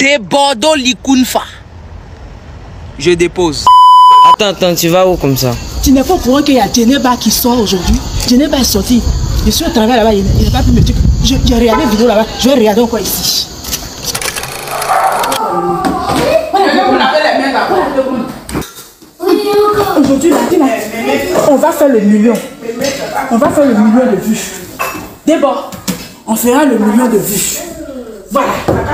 Débordons Bordeaux Je dépose. Attends, attends, tu vas où comme ça Tu n'es pas au courant qu'il y a Djeneba qui sort aujourd'hui. Djeneba est sorti. Je suis au travail là-bas, il n'a pas pu me dire. Je, regarde les vidéos vidéo là-bas, je vais regarder encore ici. Aujourd'hui, on va faire le million. On va faire le million de vues. D'abord, on fera le million de vues. Voilà.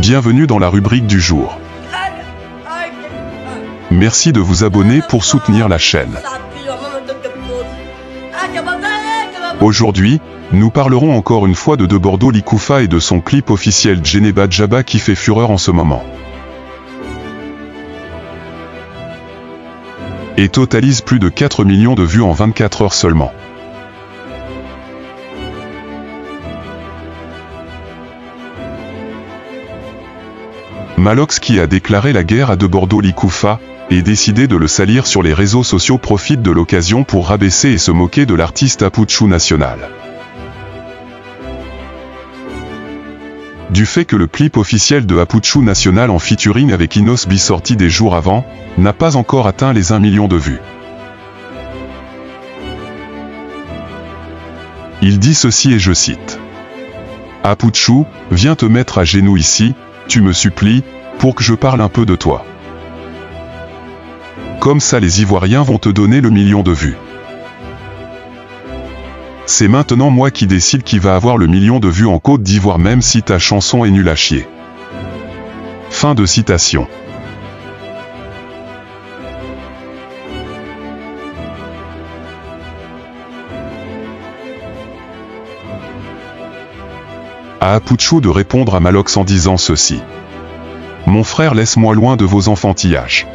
Bienvenue dans la rubrique du jour. Merci de vous abonner pour soutenir la chaîne. Aujourd'hui, nous parlerons encore une fois de De Bordeaux Likoufa et de son clip officiel Geneva Djaba qui fait fureur en ce moment. Et totalise plus de 4 millions de vues en 24 heures seulement. Malox qui a déclaré la guerre à De Bordeaux Likoufa, et décidé de le salir sur les réseaux sociaux profite de l'occasion pour rabaisser et se moquer de l'artiste Apuchou national. Du fait que le clip officiel de Apuchou National en featuring avec Inosbi sorti des jours avant, n'a pas encore atteint les 1 million de vues. Il dit ceci et je cite. Apuchou, ah, viens te mettre à genoux ici, tu me supplies, pour que je parle un peu de toi. Comme ça les Ivoiriens vont te donner le million de vues. C'est maintenant moi qui décide qui va avoir le million de vues en Côte d'Ivoire même si ta chanson est nulle à chier. Fin de citation. à Apucho de répondre à Malox en disant ceci. Mon frère laisse-moi loin de vos enfantillages.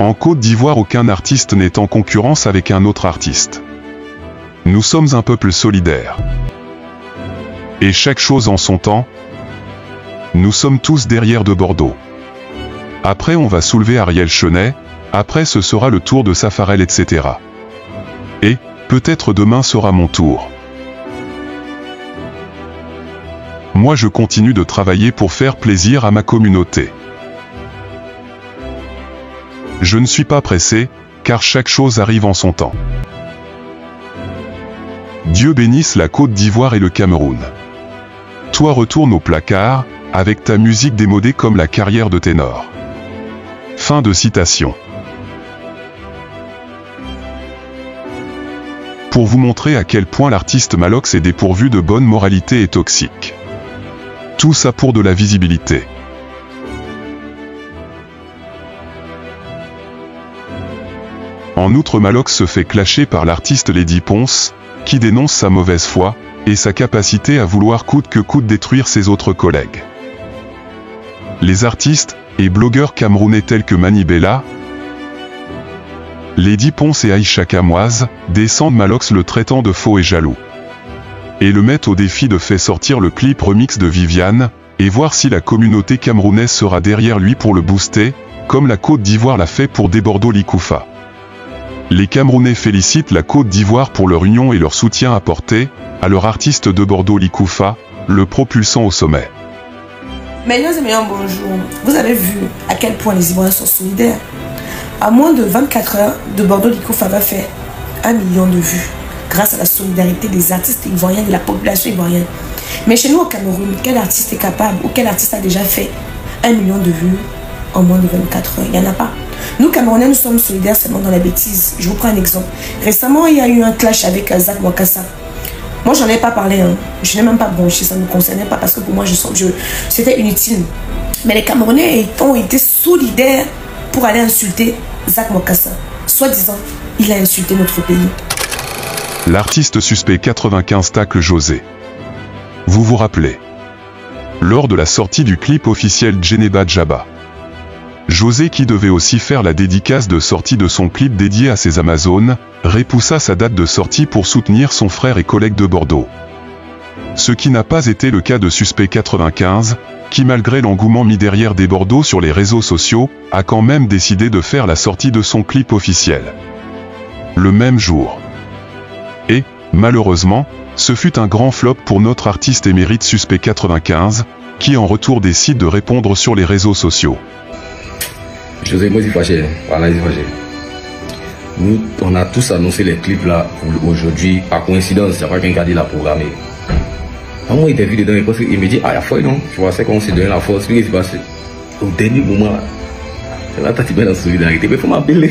En Côte d'Ivoire aucun artiste n'est en concurrence avec un autre artiste. Nous sommes un peuple solidaire. Et chaque chose en son temps, nous sommes tous derrière de Bordeaux. Après on va soulever Ariel Chenet, après ce sera le tour de Safarel etc. Et, peut-être demain sera mon tour. Moi je continue de travailler pour faire plaisir à ma communauté. Je ne suis pas pressé, car chaque chose arrive en son temps. Dieu bénisse la Côte d'Ivoire et le Cameroun. Toi retourne au placard, avec ta musique démodée comme la carrière de ténor. Fin de citation. Pour vous montrer à quel point l'artiste Malox est dépourvu de bonne moralité et toxique. Tout ça pour de la visibilité. En outre Malox se fait clasher par l'artiste Lady Ponce, qui dénonce sa mauvaise foi, et sa capacité à vouloir coûte que coûte détruire ses autres collègues. Les artistes et blogueurs camerounais tels que Manibella, Lady Ponce et Aïcha Kamoise descendent Malox le traitant de faux et jaloux et le mettre au défi de faire sortir le clip remix de Viviane, et voir si la communauté camerounaise sera derrière lui pour le booster, comme la Côte d'Ivoire l'a fait pour bordeaux Likoufa. Les Camerounais félicitent la Côte d'Ivoire pour leur union et leur soutien apporté à leur artiste de bordeaux Likoufa, le propulsant au sommet. Mesdames et messieurs, bonjour. Vous avez vu à quel point les Ivoiriens sont solidaires. À moins de 24 heures, de bordeaux Likoufa va faire un million de vues grâce à la solidarité des artistes ivoiriens, de la population ivoirienne. Mais chez nous au Cameroun, quel artiste est capable ou quel artiste a déjà fait un million de vues en moins de 24 heures Il n'y en a pas. Nous, Camerounais, nous sommes solidaires seulement dans la bêtise. Je vous prends un exemple. Récemment, il y a eu un clash avec euh, Zach Mokassa. Moi, j'en ai pas parlé. Hein. Je n'ai même pas branché, ça ne me concernait pas parce que pour moi, je, c'était inutile. Mais les Camerounais ont été solidaires pour aller insulter Zach Mokassa. Soi-disant, il a insulté notre pays. L'artiste suspect 95 tacle José. Vous vous rappelez Lors de la sortie du clip officiel Geneva Jabba. José qui devait aussi faire la dédicace de sortie de son clip dédié à ses Amazones, repoussa sa date de sortie pour soutenir son frère et collègue de Bordeaux. Ce qui n'a pas été le cas de Suspect 95, qui malgré l'engouement mis derrière des Bordeaux sur les réseaux sociaux, a quand même décidé de faire la sortie de son clip officiel. Le même jour. Et, malheureusement, ce fut un grand flop pour notre artiste émérite suspect 95, qui en retour décide de répondre sur les réseaux sociaux. Je suis fâché, voilà, fâché. Nous, on a tous annoncé les clips là aujourd'hui, par coïncidence, c'est pas qu'un gars l'a programmé. Quand moi, il était vu dedans, il me dit, ah, la fois, non, tu vois, c'est qu'on s'est donné la force, qu'est-ce qui s'est passé Au dernier moment, là, Là, la tati dans la solidarité, mais faut m'appeler.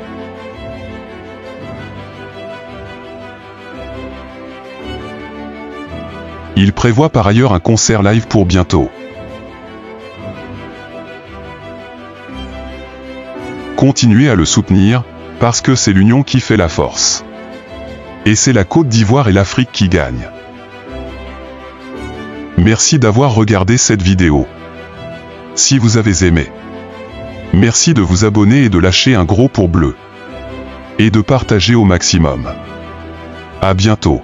Il prévoit par ailleurs un concert live pour bientôt. Continuez à le soutenir, parce que c'est l'union qui fait la force. Et c'est la Côte d'Ivoire et l'Afrique qui gagnent. Merci d'avoir regardé cette vidéo. Si vous avez aimé, merci de vous abonner et de lâcher un gros pour bleu. Et de partager au maximum. À bientôt.